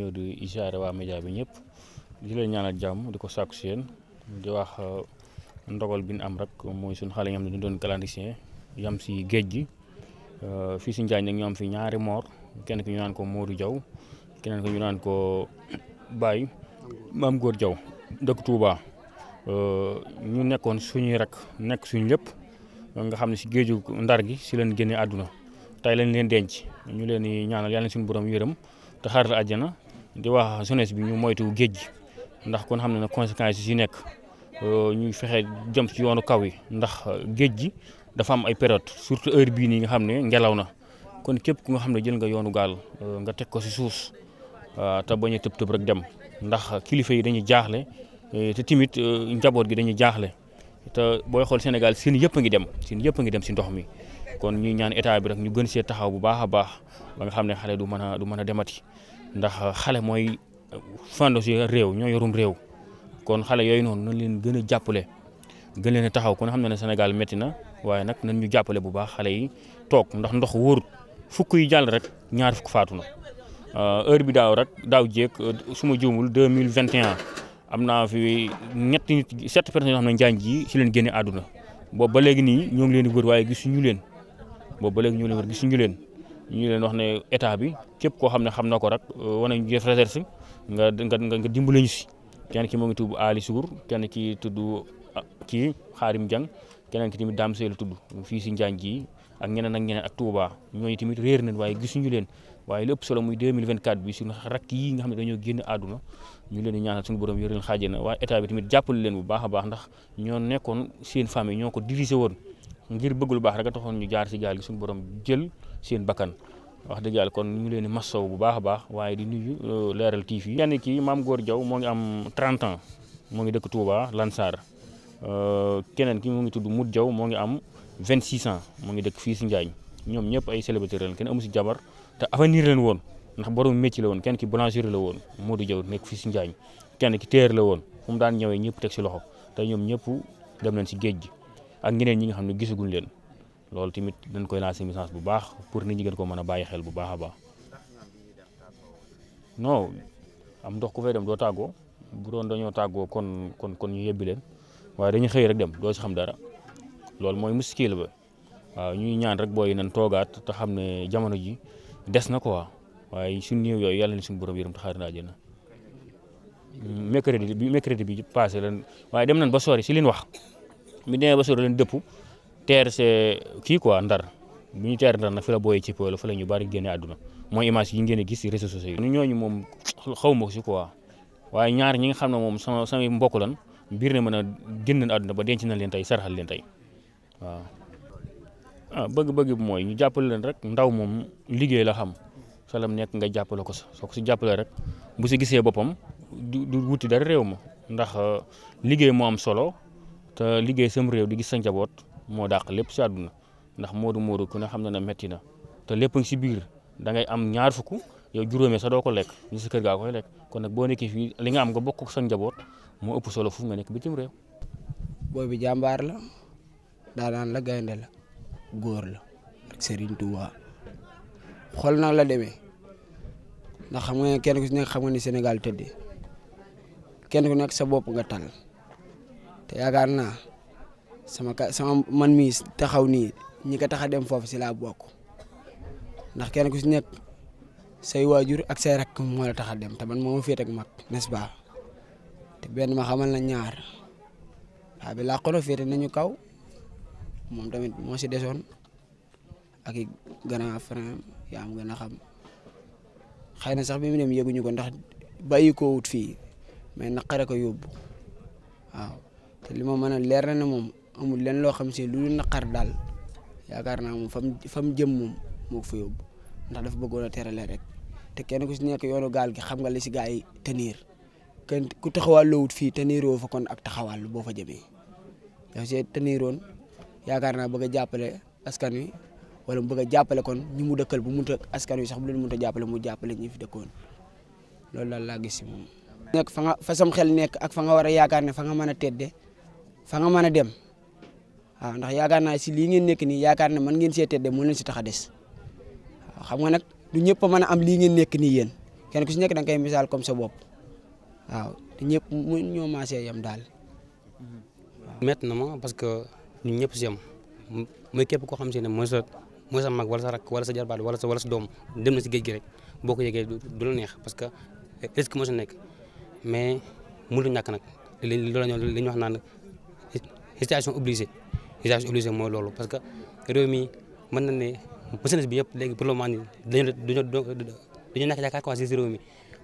ñëw di waa média bi ñëpp di leen jàmm di ko sàkku si yéen di wax uh, ndogal bi ñu am rek mooy suñu xale yi nga doon clandestin yam si géej gi uh, fii si Njaañ nag am fi ñaari moor kenn ki ñu naan ko Modou Diaw keneen ki ñu naan ko Baye Maam Góor Diaw dëkk Touba uh, ñu nekkoon suñuy rek nekk suñu lépp nga xam ne si géeju ndar gi si leen génnee àdduna tey leen denc ñu leen di ñaanal yàlla suñu borom yërëm te xaaral àjjana di wax jeunesse bi ñu moytu géej gi ndax kon xam ne ne conséquences yi nekk euh, ñuy fexe jëm ci yoonu kaw yi ndax euh, géej gi dafa am ay période surtout heure bii nii nga xam ne ngelaw na kon képp ku nga xam ne jël nga yoonu gaal euh, nga teg ko si suuf te bañ a tëb tëb rek dem ndax kilifa yi dañuy jaaxle te timit njaboot gi dañuy jaaxle te booy xool Sénégal siin yëpp a ngi dem siin yëpp a ngi dem si ndox mi kon ñuy ñaan état bi rek ñu gën see taxaw bu baax a baax ba nga xam ne xale du mën a du mën a demati. ndax xale mooy fondos si réew ñoo yorum réew kon xale yooyu noonu nañ leen gën a jàppale gën leen a taxaw kon xam na ne Sénégal métti na waaye nag nañ ñu jàppale bu baax xale yi toog ndax ndox wóorut fukk yi jàll rek ñaar fukk faatu na euh, heure bi daaw rek daaw jéeg euh, suma ma juumul deux mille vingt et am naa fi ñetti nit sept personnes yoo xam ne njaañ ji ci leen génne àdduna boobu ba léegi nii ñoo ngi leen di wër waaye gisuñu leen boobu ba léegi ñoo leen wër leen. ñu leen wax ne état bi képp koo xam ne xam na ko rek euh, wane ñu def recherche nga nga nga dimbale ñu si kenn ki moo ngi tudd Ali Sour kenn ki tudd ah, kii Xaarim Jang keneen ki tamit Dame Seylu tudd fii si Njaañ ji ak ñeneen ak ñeneen ak Touba ñooñu tamit réer nañ waaye gisuñu leen waaye lépp solo muy 2024 bi suñu rakk yi nga xam ne dañoo génn àdduna ñu leen di ñaanal suñu borom yore leen xaajee na waaye état bi tamit jàppale leen bu baax a baax ndax ñoo nekkoon seen famille ñoo ko dirigé woon ngir bëgg lu baax rek a ñu jaar si gaal gi suñu borom jël seen bakkan wax dëgg yàlla kon ñu ngi leen di masaw bu baax a baax waaye di nuyu euh, leeral TV. kenn kii maam Góor Diaw moo ngi am 30 ans moo ngi dëkk Touba Lansar euh, keneen ki mu ngi tudd Mout Diaw moo ngi am 26 ans moo ngi dëkk fii si Njaañ ñoom ñëpp ay célibataire lañ kenn amu si jabar te avenir leen woon ndax borom métier woon kenn ki boulanger la woon Modou Diaw nekk fii si Njaañ kenn ki la woon fu mu daan ñëwee ñëpp teg si loxo te ñoom ñëpp dem nañ si géej gi ak ñeneen ñi nga xam ne gisaguñ leen. loolu tamit dañ koy lancer message bu baax pour nit ñi gën ko mën a bàyyi xel bu baax a baax non am ndox ku fay dem doo tàggoo bu doon dañoo tàggoo kon kon kon ñu yebbi leen waaye dañu xëy rek dem doo si xam dara loolu mooy muskil ba waaw ñuy ñaan rek booy nan toogaat te xam ne jamono ji des na quoi waaye suñ néew yooyu yàlla na suñu borom yërëm taxaar naa jëna mercredi bi mercredi bi passé lan waaye dem nañ ba sori si liñ wax mi demee ba TRC kii quoi ndar bu ñu teer ndar nag fi la booyee ci polo fa la ñu bari génne àdduna mooy image yi ngeen gis si réseaux sociaux yi. ñooñu moom xaw ma ko si quoi waaye ñaar ñi nga xam ne moom sama samay mbokk lan biir ne mën a génn àdduna ba denc na leen tey saraxal leen tey waaw. ah bëgg-bëgg mooy ñu jàppale leen rek ndaw moom liggéey la xam salam nekk nga jàppale ko sa soo ko si jàppale rek bu si gisee boppam du du wuti dara réew ma ndax liggéey moo am solo te liggéey sam réew di gis sa njaboot. moo dàq lépp si àdduna ndax moodu moodu ko na xam na na metti na te lépp si biir dangay am ñaar fukk yow juróomee sa doo ko lekk ñu si kër gaa koy lekk kon nag boo nekkee fii li nga am nga bokk sa njaboot moo ëpp solo fu nga nekk bitim réew. bi jàmbaar la daanaan la gaynde la góor la ak Serigne Touba xol nag la deme ndax xam nga kenn ku xam ni Sénégal tëddee kenn ku nekk sa bopp nga tal te yaakaar naa. sama ka sama man mii taxaw nii ñi ko tax a dem foofu si laa bokk ndax kenn ku si nekk say waajur ak say rakk moo la tax a dem te man moo ma féet ak mag n'est-ce te benn ma xamal na ñaar waa bi laa xono féete nañu kaw moom tamit moo si desoon ak i grand frère yaa am gën a xam xëy na sax bi mu dem yëguñu ko ndax bàyyi ko wut fii mais naqare ko yóbbu waaw te li ma mën leer na ne moom amul leen loo xam si lu naqar daal yaakaar naa moom fam fam jëm moom moo fa yóbbu ndax dafa bëggoon a terale rek te kenn ku si nekk yoonu gaal gi xam nga li si gaa yi tenir kenn ku taxawalloowut fii teniroo fa kon ak taxawal boo fa jëmee yow see yaakaar naa bëgg a jàppale askan wi wala mu a jàppale kon ñi mu dëkkal bu munta askan wi sax bu leen munta jàppale mu jàppale ñi fi dëkkoon loolu daal laa gis moom. nekk fa nga fa sam xel nekk ak fa nga war a yaakaar ne fa nga mën a tedde fa nga mën a dem. waaw ndax yaakaar naa si lii ngeen nekk nii yaakaar ne man ngeen see tedde moo leen si tax a des waaw xam nga nag du ñëpp mën a am lii ngeen nekk nii yéen kenn ku si nekk da nga koy misaal sa bopp waaw te ñëpp mu yem daal. métti na ma parce que ñëpp si yem muy képp koo xam si ne mooy sa mooy sa mag wala sa rakk wala sa jarbaat wala sa wala sa doom dem na si géej gi rek boo ko yëgee du la neex parce que risque moo si nekk mais mënut a ñàkk nag li li loolu la ñu wax naan situation obligée. usage obligé mooy loolu parce que réew mi mën na ne business bi yëpp léegi pour le moment nii dañu dañu dañu nekk yaakaar quoi si mi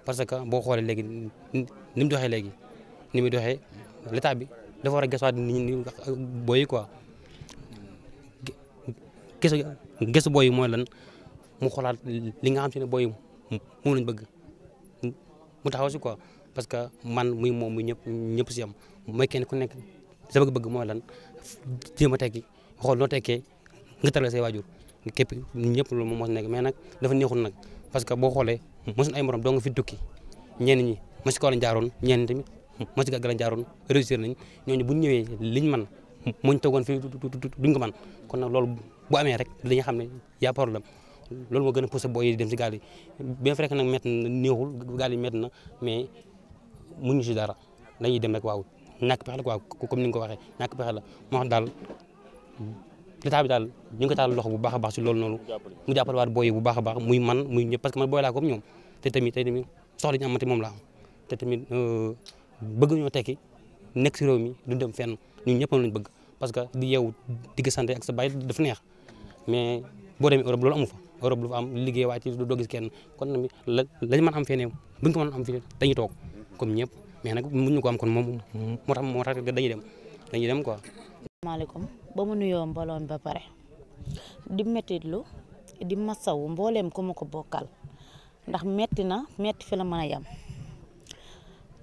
parce que boo xoolee léegi ni mu doxee léegi ni muy doxee l'état bi dafa war a gëstuwaat nit ñi booy yi quoi gëstu gëstu booy yi mooy lan mu xoolaat li nga xam si ne booy yi moom lañ bëgg mu taxaw si quoi parce que man muy moom muy ñëpp ñëpp si am mooy kenn ku nekk sa bëgg-bëgg mooy lan. jéem a tekki xool noo tekkee nga tëral say waajur képp ñëpp loolu moom moo nekk mais nag dafa neexul nag parce que boo xoolee mosuñ ay morom doo nga fi tukki ñenn ñi ma si kaw lañ jaaroon ñenn tamit ma si gàgg lañ réussir nañ ñooñu bu ñu ñëwee liñ mën muñ toogoon fii duñ ko mën kon nag loolu bu amee rek dañuy xam ne yaa problème loolu moo gën a poussé booy dem si gaal yi bien vrai que nag métti na néexul gaal yi métti na mais ñu si dara dañuy dem rek waaw ñàkk pexe la quoi comme ni ko waxee ñàkk pexe la moo xam daal l'état bi daal ñu ngi ko taal loxo bu baax a baax si loolu noonu mu jàppale waat booy bu baax a baax muy man muy ñëpp parce que man booy laa comme ñoom te tamit tey tamit soxla ñu moom laa te tamit euh, bëgg ñoo tekki nekk mi du dem fenn ñun ñëpp lañ bëgg parce que di yow digg santé ak sa bàyyi dafa neex mais boo demee Europe loolu amu fa Europe lu fa am liggéey waaye ci doo kenn kon nag la lañ mën am feneen bu ñu ko mën am fii dañuy toog comme ñëpp mais nag mu ñu ko am kon moom moo tax moo tax dañuy dem dañuy dem quoi. asalaamaaleykum ba mu nuyoo mbaloon ba pare di mettitlu di masawu mbooleem ku ma ko bokkal ndax metti na metti fi la mën a yem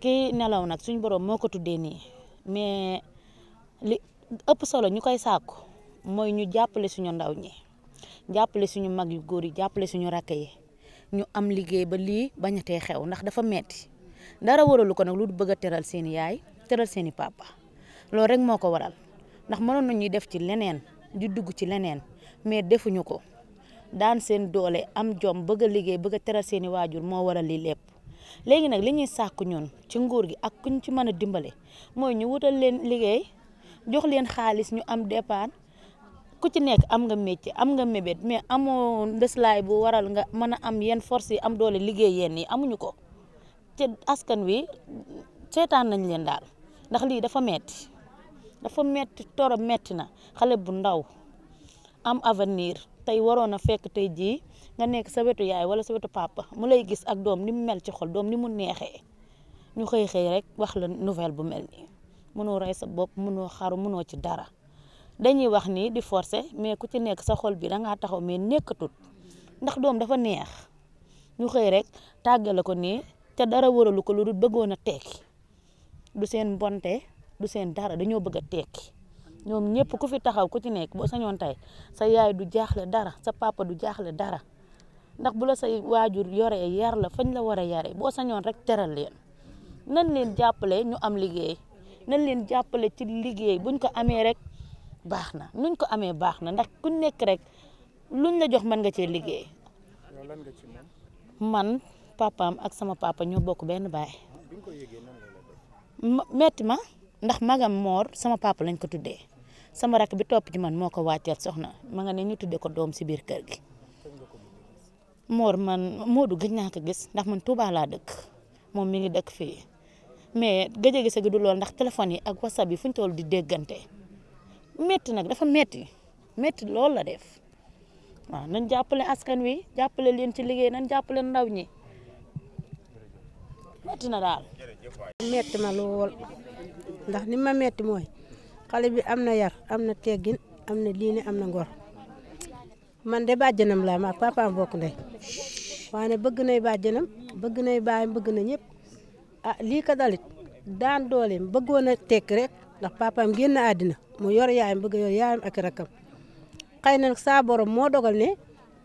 kii nelaw nag suñu borom moo ko tuddee nii mais li ëpp solo ñu koy saaku mooy ñu jàppale suñu ndaw ñi jàppale suñu mag yu góor yi jàppale suñu rakk yi ñu am liggéey ba lii bañatee xew ndax dafa metti dara waralu ko nag lu bëgg a teral seen yaay teral seeni i papa loolu rek moo ko waral ndax mënoon nañuy def ci leneen di dugg ci leneen mais defuñu ko daan seen doole am jom bëgg liggéey bëgg teral seeni waajur moo waral lii lépp. léegi nag li ñuy sàkku ñun ci nguur gi ak ñu ci mën a dimbale mooy ñu wutal leen liggéey jox leen xaalis ñu am départ ku ci nekk am nga métier am nga mébét mais amoo ndeslaay bu waral nga mën a am yenn force yi am doole liggéey yenn yi amuñu ko. te askan wi seetaan nañ leen daal ndax lii dafa metti dafa metti torop metti na xale bu ndaw am avenir tey waroon a fekk tey jii nga nekk sa wetu yaay wala sa wetu pàppa mu lay gis ak doom ni mu mel ci xol doom ni mu neexee ñu xëy xëy rek wax la nouvelle bu mel nii mënoo rey sa bopp mënoo xaru mënoo ci dara dañuy wax nii di forcer mais ku ci nekk sa xol bii danga taxaw mais nekkatut ndax doom dafa neex ñu xëy rek tàggale ko nii te dara waralu ko lu dul bëggoon a du seen bonte du seen dara dañoo bëgg a tekki ñoom ñëpp ku fi taxaw ku ci nekk boo sañoon tey sa yaay du jaaxle dara sa papa du jaaxle dara ndax bu la say waajur yoree yar la fañ la war a yare boo sañoon rek teral leen nan leen jàppale ñu am liggéey nan leen jàppale ci liggéey buñ ko amee rek baax na nuñ ko amee baax na ndax ku nekk rek luñ la jox mën nga cee liggéey man papaam ak sama papa ñoo bokk benn baay metti ma ndax magam moor sama papa lañ ko tuddee sama rakk bi topp ci man moo ko wàcceel soxna ma nga ne ñu tuddee ko doom si biir kër gi moor man Modou gëj naa ko gis ndax man Touba laa dëkk moom mi ngi dëkk fii mais gëj a gis lool ndax téléphone yi ak whatsapp yi fu ñu toll di déggante metti nag dafa metti metti loolu la def waaw nañ jàppale askan wi jàppale leen ci liggéey nañ jàppale ndaw ñi. metti na ma lool ndax ni ma metti mooy xale bi am na yar am na teggin am na diine am na ngor man de bàjjanam laa ma ak papaam bokk ndey waaye bëgg nay bàjjanam bëgg nay baayam bëgg na ñëpp ah, lii ko dalit daan doole bëggoon na tekki rek ndax papaam génn àddina mu yor yaayam bëgg yor yaayam ak rakkam xëy na saa borom moo dogal ne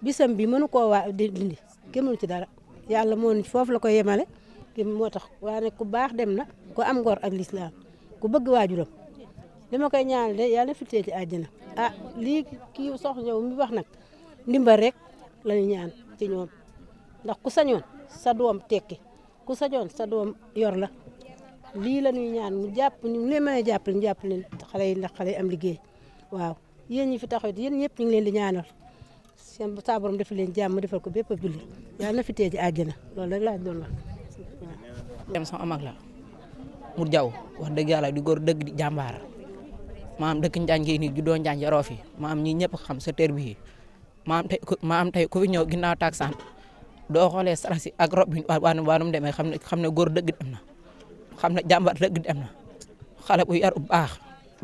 bisam bi mënu koo waa di dindi kenn ci dara yàlla moo foofu la ko yemale. gi moo tax waaye ku baax dem na ku am ngor ak lislaam ku bëgg waajuram li ma koy ñaanal de yàlla fi teeti àjjana a ah, lii kii soxna mi wax nag ndimbal rek la ñu ñaan ci ñoom ndax ku sañoon sa doom tekki ku sañoon sa doom yor la lii la ñuy ñaan mu jàpp ñu leen mën a jàppale ñu jàppale leen xale yi ndax xale am liggéey waaw yéen ñi fi taxaw yéen ñëpp ñu ngi leen di ñaanal seen saa borom def leen jàmm defal ko bépp a julli yàlla na fi teeti àjjana loolu rek laa doon la dem sama mag la Mour Diaw wax dëgg yàlla di góor dëgg di jàmbaar maam dëkk Njaañ ni nii juddoo Njaañ yaroo fi maam ñi ñëpp xam sa teer bi maam tey maam tey ku fi ñëw ginnaaw taksaan doo xoolee sarasi ak rob bi waanum waanum xam ne xam ne góor dëgg dem na xam ne jàmbaar dëgg dem na xale bu yar bu baax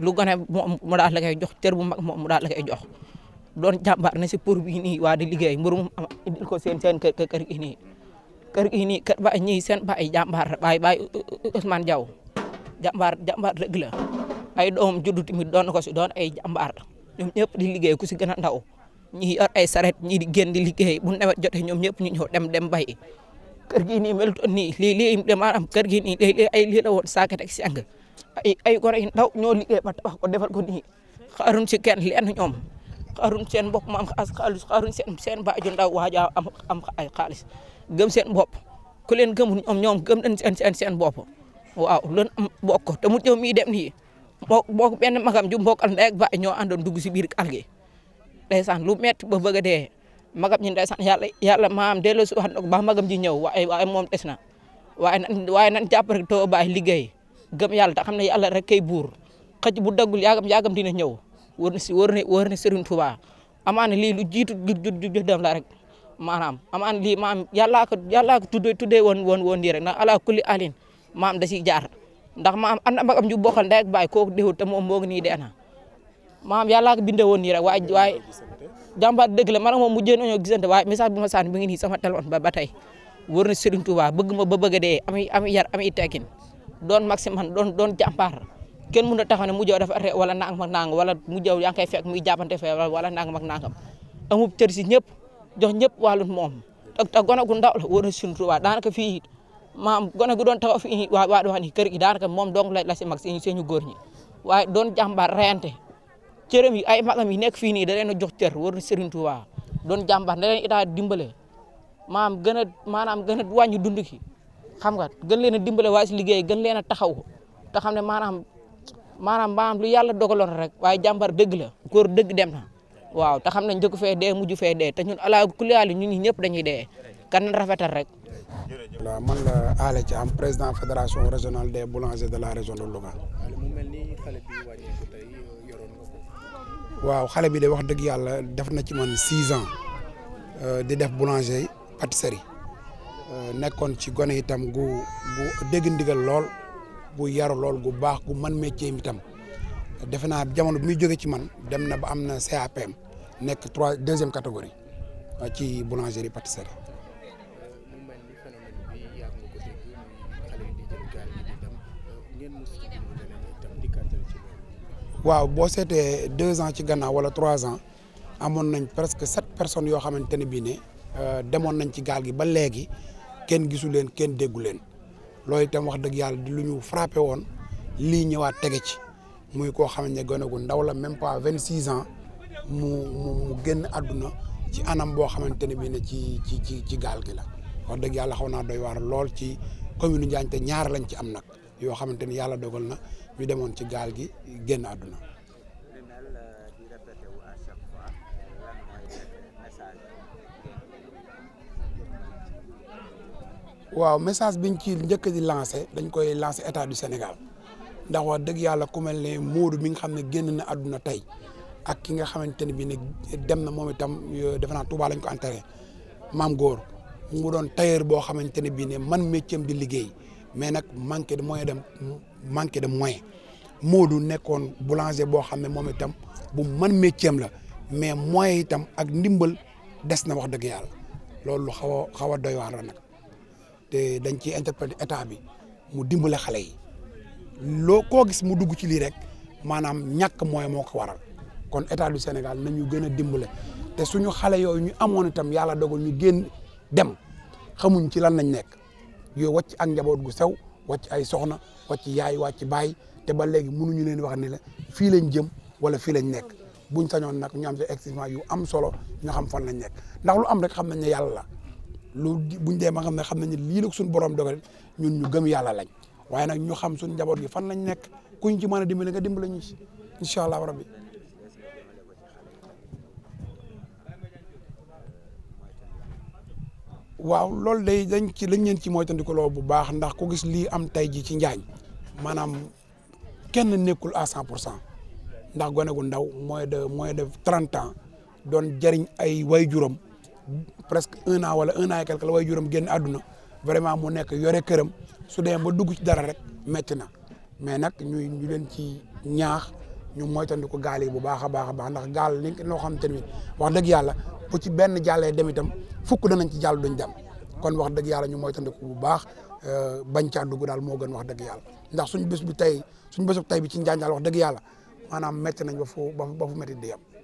lu gone moom mu da la koy jox cër bu mag moom mu da la koy jox doon jàmbaar na si pour bi nii waa di mu am indil ko seen seen kër kër gi nii kër baay ñii seen baay jàmbaar baay baay Ousmane Diaw jàmbaar jàmbaar dëgg la ay doom juddu tamit doon ko si doon ay jàmbaar ñoom ñëpp di liggéey ku si gën a ndaw ñii yor ay saret ñii di génn di liggéey bu nawet jotee ñoom ñëpp ñu ñëw dem dem bay kër gi nii melutoon nii lii lii maanaam kër gi nii lii ay lii la woon saaket ak seng ay ay góor yu ba tabax ko defal ko nii xaaruñ si kenn lenn ñoom xaaruñ seen mbokk mu am xaalis xaaruñ seen seen baaju ndaw waaja am am ay xaalis gëm seen bopp ku leen gëmul ñoom ñoom gëm nañ seen seen seen bopp waaw loolu am bokk te mu ñëw mii dem nii moo bokk benn magam ju mbokkal ndey ak baay ñoo àndoon dugg si biir àll gi ndeysaan lu metti ba bëgg a dee magam ñi ndeysaan yàlla yàlla maam delloo si wax ba magam ji ñëw waaye waaye moom des na waaye nan waaye nan jàpp rek too bàyyi liggéey gëm yàlla te xam ne yàlla rek kay buur xëj bu daggul yaagam yaagam dina ñëw wër na si wër na wër na Serigne Touba amaana lii lu jiitu ju ju dem la rek maanaam amaan lii maam yàllaa ko yàllaa ko tuddee tuddee woon woon woon na rek ndax ala kulli alin maam da siy jaar ndax maam ànd ak am ju bokkal ndey ak baay kooku déwut te moom moo nii dee na maam yàllaa ko bindee woon nii rek waaye waaye jàmbaar la man ak moom mujjee nañoo gisante waaye message bu ma sànni mi ngi nii sama téléphone ba ba tey na Serigne bëgg ma ba bëgg dee ami ami yar ami teggin doon maximum doon doon jàmbaar kenn mën a taxaw ne mujjee dafa wala nang mag nang wala mujjee yaa ngi koy fekk muy jàppante fee wala nang mag nangam amub cër si ñëpp jox ñëpp wàllum moom te gone gu ndaw la war a suñu waa daanaka fii maam gone gu doon taxaw fii waa waa wax ni kër gi daanaka moom dong la la si mag si suñu góor ñi waaye doon jàmbaar reyante cërëm yi ay magam yi nekk fii nii da leen a jox cër war na Serigne Touba doon jàmbaar da leen itaa dimbale maam gën a maanaam gën a wàññi dund ki xam nga gën leen a dimbale waaye si liggéey gën leen a taxaw te xam ne maanaam maanaam maanaam lu yàlla dogaloon rek waaye jàmbaar dëgg la góor dëgg dem na waaw te xam nañ njëkk fee dee mujj fee dee te ñun ala kuliyaalu ñu ngi ñëpp dañuy dee kan rafetal rek. waaw man la Alé Thiam président fédération régional des boulangers de la région de Louga. mu mel ni xale bi wàññeeku tey yoroon ko. waaw xale bi de wax dëgg yàlla def na ci man six ans euh, di def boulanger pâtisserie euh, nekkoon ci gone itam gu gu dégg lool gu yaru lool gu baax gu man métier mi itam. defe naa jamono bi muy jóge ci man dem na ba am na CAPM nekk trois deuxième catégorie ci boulangerie pâtisserie. waaw boo seetee deux ans ci gannaaw wala trois ans amoon nañ presque sept personnes yoo xamante ne bii ne euh, demoon nañ ci gaal gi ba léegi kenn gisu leen kenn déggu leen loolu itam wax dëgg yàlla di lu ñu frappé woon lii ñëwaat tege ci. muy koo xam ne gone gu ndaw la même pas vingt six ans mu mu mu génn àdduna ci anam boo xamante ne bii ne ci ci ci ci gaal gi la wax dëgg yàlla xaw naa doy waar lool ci commune Njaañ ñaar lañ ci am nag yoo xamante ni yàlla dogal na ñu demoon ci gaal gi génn àdduna. waaw message biñ ci njëkk di lancé dañ koy lancé état du Sénégal. ndax wax dëgg yàlla ku mel ne Modou mi nga xam ne génn na àdduna tey ak ki nga xamante ne bii ne dem na moom itam euh, defe naa Touba lañ ko entere maam góor mu doon tailleur boo xamante ne bii ne man métier di liggéey mais nag manqué de moyen dem manqué de moyen Modou nekkoon boulanger boo xam ne moom itam bu man métier la mais moyen itam ak ndimbal des na wax dëgg yàlla loolu xaw a xaw a doy waar la nag te dañ ciy interpréter état bi mu dimbale xale yi. loo koo gis mu dugg ci lii rek maanaam ñàkk mooy moo ko waral kon état du Sénégal nañu gën a dimbale te suñu xale yooyu ñu amoon itam yàlla dogal ñu génn dem xamuñ ci lan lañ nekk yooyu wàcc ak njaboot gu sew wàcc ay soxna wàcc yaay wàcc baay te ba léegi mënuñu leen wax ni la fii lañ jëm wala fii lañ nekk buñ sañoon nag ñu am sa exigement yu am solo ñu xam fan lañ nekk ndax lu am rek xam nañ ne yàlla la lu buñ dee ma xam ne xam nañ ne lii la suñu borom dogal ñun ñu gëm yàlla lañ waaye nag ñu xam suñu njaboot gi fan lañ nekk kuñ ci mën a dimbale nga dimbale ñu si incha allah rabbi waaw loolu day dañ ci lañ leen ci moytandikuloo bu baax ndax ku gis lii am tey ji ci njaañ maanaam kenn nekkul à cent pour cent ndax gone gu ndaw moins de moins de trente ans doon jëriñ ay way juróom presque un an wala un an way juróom genn àdduna vraiment mu nekk yore këram su dee ba dugg ci dara rek métti na mais nag ñuy ñu leen ci ñaax ñu moytandi ko gaal yi bu baax a baax a baax ndax gaal li noo xam te ni wax dëgg yàlla bu ci benn jàllee dem itam fukk danañ ci jàll duñ jam kon wax dëgg yàlla ñu moytandi ko bu baax euh, bañ caa dugg daal moo gën wax dëgg yàlla ndax suñ bés bu tey suñ bésu tey bi ci njaanjaal wax dëgg yàlla maanaam métti nañ ba fu ba fu métti di yem